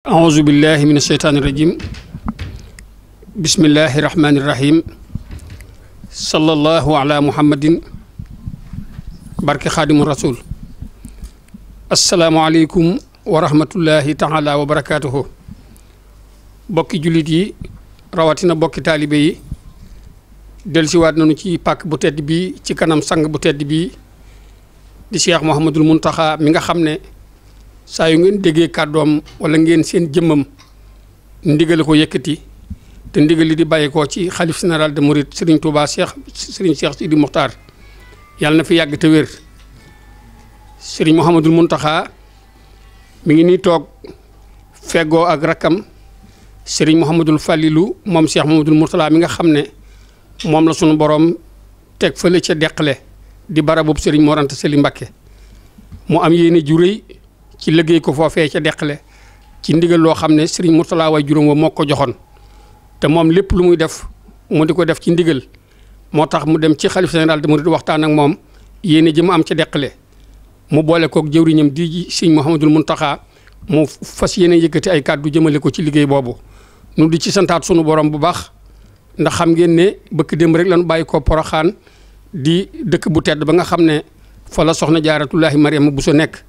أعوذ بالله من الشيطان الرجيم بسم الله الرحمن الرحيم صلى الله على محمد بركة خادم الرسول السلام bokki jullit yi rawatina bokki taalibe yi dellusiwaat nañu ci pàkk bu tedd bi ci kanam sang bu tedd bi di Cheikh Mouhamadul Mountakha mi nga xam ne saa yu ngeen déggee kàddoom wala ngeen seen jëmmam ndigal ko yëkkati te ndigal li di bàyyeekoo ci xalif général de Mouride Serigne Touba Cheikh Serigne Cheikh Sidi Mokhtar yàlla na fi yàgg te wér Serigne Mouhamadul Mountakha mu ngi nii toog feggoo ak rakkam Serigne Mouhamadul Falilou moom Cheikh Mouhamadul Mourtala mi nga xam ne moom la sunu borom teg fële ca deqale di barabub Serigne Mor Anta Sali Mbacké mu am yéene ju ci liggéey ko foofee ca deq le ci ndigal loo xam ne sëriñ Mourtala waay juróom wa moo ko joxoon te moom lépp lu muy def mu di ko def ci ndigal moo tax mu dem ci xalif général de Mouride waxtaan ak moom yéene jëm mu am ca le mu boole kook jëwriñam di ji sëriñ Mouhamadul taxaa mu fas yéene yëkkati ay kàddu jëmale ko ci liggéey boobu nu di ci santaat sunu borom bu baax ndax xam ngeen ne bëkk démb rek lañu bàyyi ko poroxaan di dëkk bu tedd ba nga xam ne fa la soxna jaaratullahi Mariama bu so nekk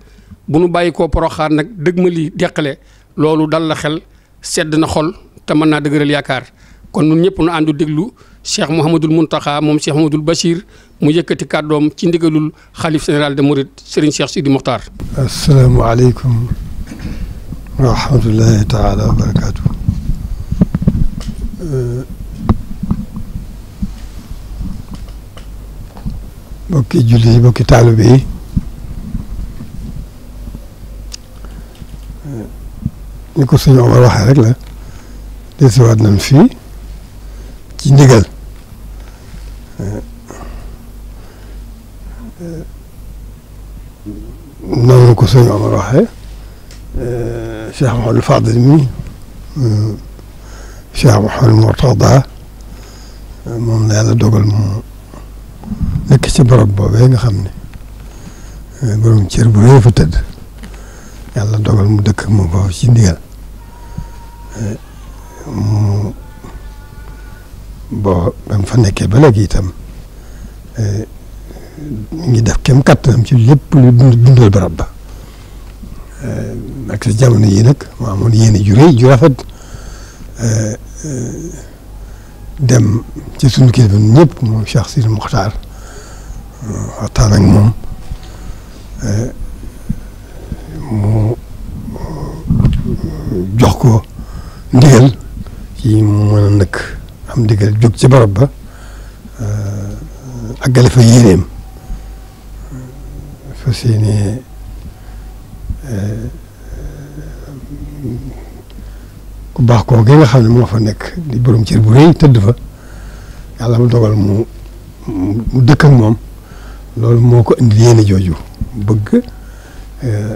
bu nu bàyyi koo poroxaar nag dëgg ma li deqale loolu dal la xel sedd na xol te mën naa dëgëral yaakaar kon nun ñëpp nu àndu déglu cheikh mouhamadul muntaxa moom cheikh mouhamadul bachir mu yëkkati kàddoom ci ndigalul xalif général de mouride sëriñ cheikh sidi muxtaar asalaamaaleykum wa rahmatullahi taala wa barakaatu bokki julli yi bokki taalibe ni ko suñu Omar waxee rek la desiwaat nañ fii ci ndigal eh, eh, noonu ko suñu Omar waxee eh, Cheikh Mouhamadou Fadil mi Cheikh Mouhamadou Mourtada moom la yàlla dogal mu nekk ci barab boobee nga ne borom cër bu rëy yàlla dogal mu dëkk moom foofu ci ndigal mu boo ba mu fa nekkee ba léegi itam mi ngi def kem kattanam ci lépp lu dundal ba ak sa jamono yii nag mu amoon yéene ju rëy ju rafet dem ci sunu kilifa ñëpp moom Cheikh Sidi Mokhtar waxtaan ak moom. mu jox ko ndigal ci mu mën nëkk am ndigal jog ci barab ba eh, àggale fa yéeneem fas yéene eh, ku baax koo gi nga xam ne moo fa nekk di borom cër bu rëy tëdd fa yàlla mu dogal mu mu dëkk ak moom loolu moo ko indi yéene jooju bëgg eh,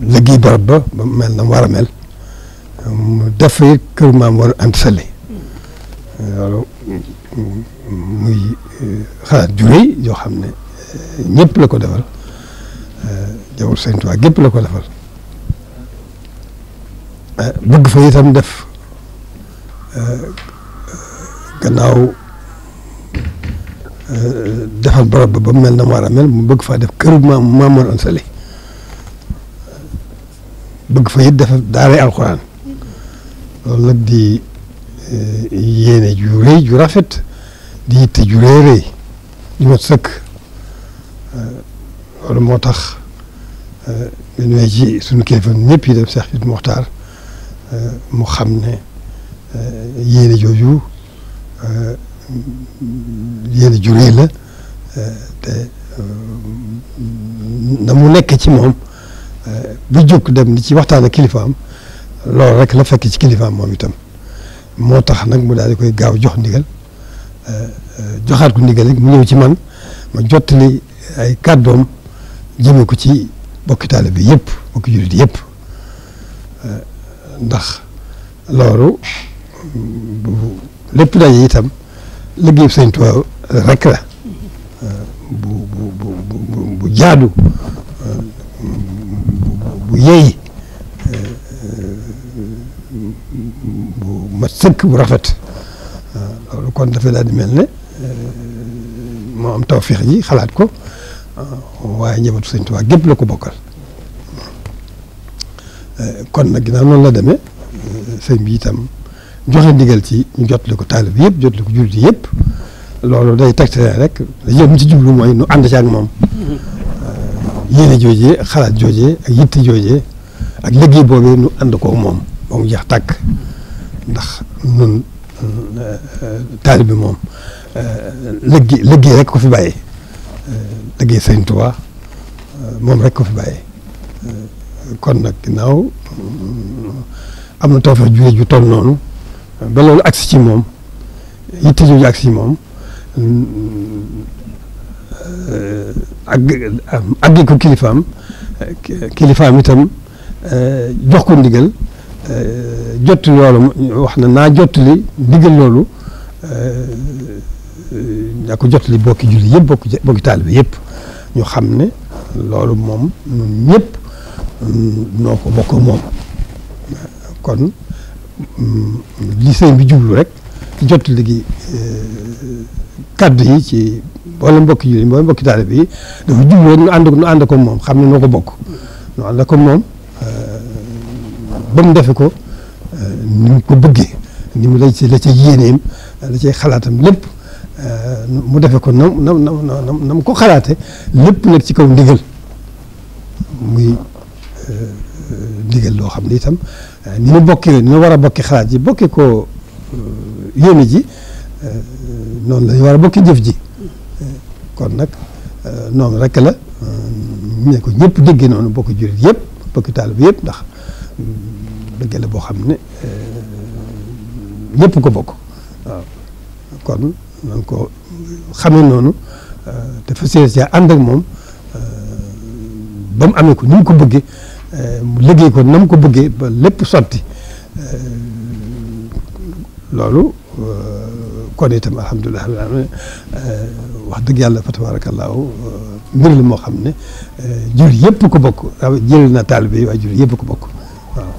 liggéey barab ba ba mel na mu war a mel mu def it kër maam war a muy eh, xalaat ju rëy yoo xam ne eh, ñëpp la ko defal eh, jawul Sëñ Tuubaa gépp la ko defal bëgg fa itam def gannaaw defal barab ba ba mel na mu war a mel mu bëgg faa def kër maam maam war bëgg fa it dafa daaray alxuraan loolu nag di eh, yéene ju rëy ju rafet di yitte ju rëy rëy ju mat sëkk eh, loolu moo tax eh, ñu ñëwee ci ñëpp yi dem Seex xam ne yéene jooju yéene ju mu nekk ci moom bu jóg dem di ci waxtaan ak kilifaam loolu rek la fekk ci kilifaam moom itam moo tax nag mu daal di koy gaaw jox ndigal euh, joxaat ko ndigal mu ñëw ci man ma jottali ay kàddoom jëmee ko ci bokki taalibe bi yëpp bokki jullit yëpp euh, ndax loolu lépp daje itam liggéeyu Sëñ Tuubaa rek la euh, bu bu bu bu jaadu. yéey bu mat sëkk bu rafet loolu kon dafay daal di mel ne moo am tawféex ji xalaat ko waaye njabatu Sëñ Tuubaa gépp la ko bokkal kon nag ginnaaw noonu la deme sëñ bi itam joxe ndigal ci ñu jotle ko taalib yëpp jotle ko jullit yëpp loolu day tegtale rek yëm ci jublu mooy nu ànd ak moom yéene joojee xalaat joojee ak yitte joojee ak liggéey boobee nu ànd ko moom ba mu jeex tàkk ndax nun euh, taalibe bi moom euh, liggéey liggéey rek ko fi bàyyi euh, liggéey Sëriñ Tuubaa moom rek ko fi bàyyi kon nag ginnaaw mm, am na tawfeex ju ju toll noonu ba loolu agsi ci moom yitte jooju agsi moom àgge ko kilifaam kilifaam itam eh, jox ko ndigal eh, jot loolu wax na naa jot li ndigal loolu eh, naa ko jot li bokki julli yëpp bokki bokki taalibe ñu xam ne loolu moom ñun ñëpp mm, noo ko bokk moom kon mm, li bi jublu rek jot ligi kàddu yi ci mboolem mbokki jullit mboolem mbokki taalib yi dafa jublu rek nu ànd nu ko moom xam ne noo ko bokk nu ànd ko moom euh, ba mu defe ko euh, ni mu ko bëggee ni la ci la la cay xalaatam lépp euh, mu defe ko na na na ko xalaate lépp nag ci kaw ndigal muy ndigal loo xam ne itam ni mu bokkee ni mu war a bokkee xalaat ji bokkee ko yéene ji noonu la war a bokkee jëf ji kon nag euh, noonu rekk la euh, ne ko ñëpp déggee noonu bokk jurit yépp bokk taalib yëpp ndax euh, dëgg la boo xam ne ñépp ko bokk waaw kon na ko xamee noonu te fas yéene ànd ak moom ba mu amee ko ni mu ko bëggee mu liggéey ko na mu ko bëggee ba lépp sotti loolu. kon itam alhamdulilah euh, wax dëgg yàlla fa tabaarakallaahu euh, mbir la moo xam ne euh, jur yëpp ko bokk jël jur yëpp ko bokk waaw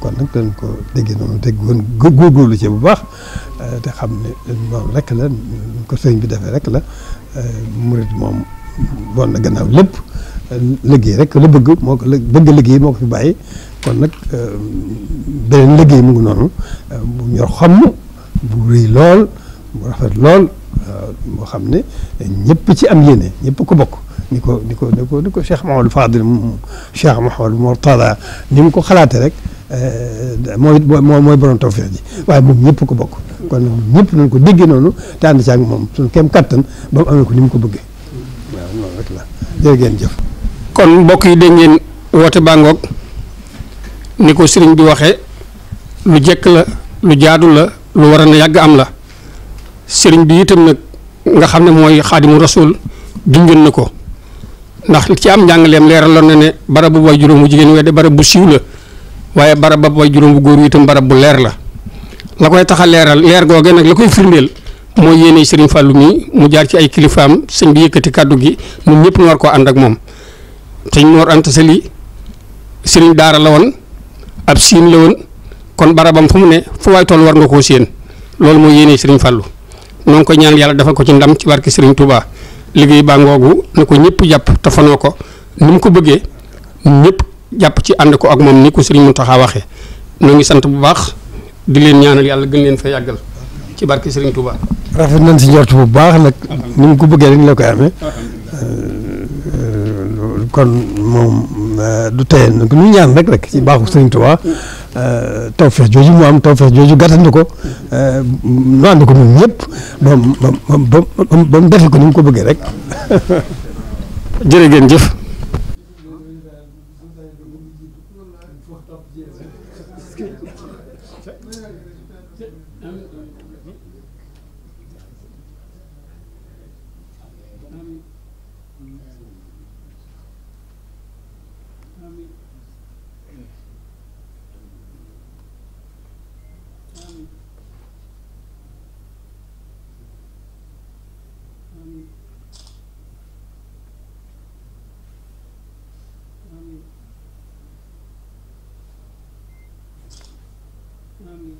kon nag dañ ko déggee noonu bu baax te xam ne moom rek la ko bi defee rek la murit moom bon moo ko fi bàyyi kon nag beneen liggéey mu ngi noonu ñor xomm bu rëy lool mu rafet lool euh, moo xam ne ñëpp ci am yéene ñëpp ko bokk ni ko ni ko ni ko ni ko Cheikh Mahamadou Fadil Cheikh Mahamadou Mortala ni mu ko xalaatee rek euh, mooy mooy mooy borom tawfeex ji waaye moom ñëpp ko bokk kon ñëpp nañ ko déggee noonu te ànd ci ak moom suñu kem kattan ba mu amee ko ni mu ko bëggee waaw loolu jëf kon mbokk yi dégg ngeen woote bàngoog ni ko sëriñ bi waxee lu jekk la lu jaadu la lu war a na yàgg am la sëriñ bi itam nag nga xam ne mooy xaadimu rasul junjoon na ko ndax ci am njàngaleem leeraloon na ne barab bu way juróom bu jigéen wedde barab bu siiw la waaye barab ba way juróom bu góor wi itam barab bu leer la la koy tax a leeral leer googe nag la koy firndeel mooy yéene sëriñ fàllu mi mu jaar ci ay kilifaam sëñ bi yëkkati kàddu gi ñun ñëpp ñu war koo ànd ak moom sëñ Mor Anta sëriñ daara la woon ab siin la woon kon barabam fu mu ne fu waay toll war nga koo séen loolu mooy yéene sëriñ Fallou noo ngi koy ñaan yàlla defal ko ci ndam ci barke Serigne tubaa liggéey baa ngoogu na ko ñëpp jàpp te fanoo ko ni mu ko bëggee ñëpp jàpp ci ànd ko ak moom ni ko Serigne taxa waxee ñoo ngi sant bu baax di leen ñaanal yàlla gën leen fa yàggal ci barke Serigne Touba. rafet nañ si njort bu baax nag ni mu ko bëggee rek la koy amee kon moom du tee nag nu ñaan rek rek ci baaxu Serigne Touba. Euh, tawfeex jooju mu am tawfeex jooju gàttandu ko nu euh, ànd ko ñun ñëpp ba mu ba mu defe ko ni ko bëggee rek. jërë ngeen jëf. amiin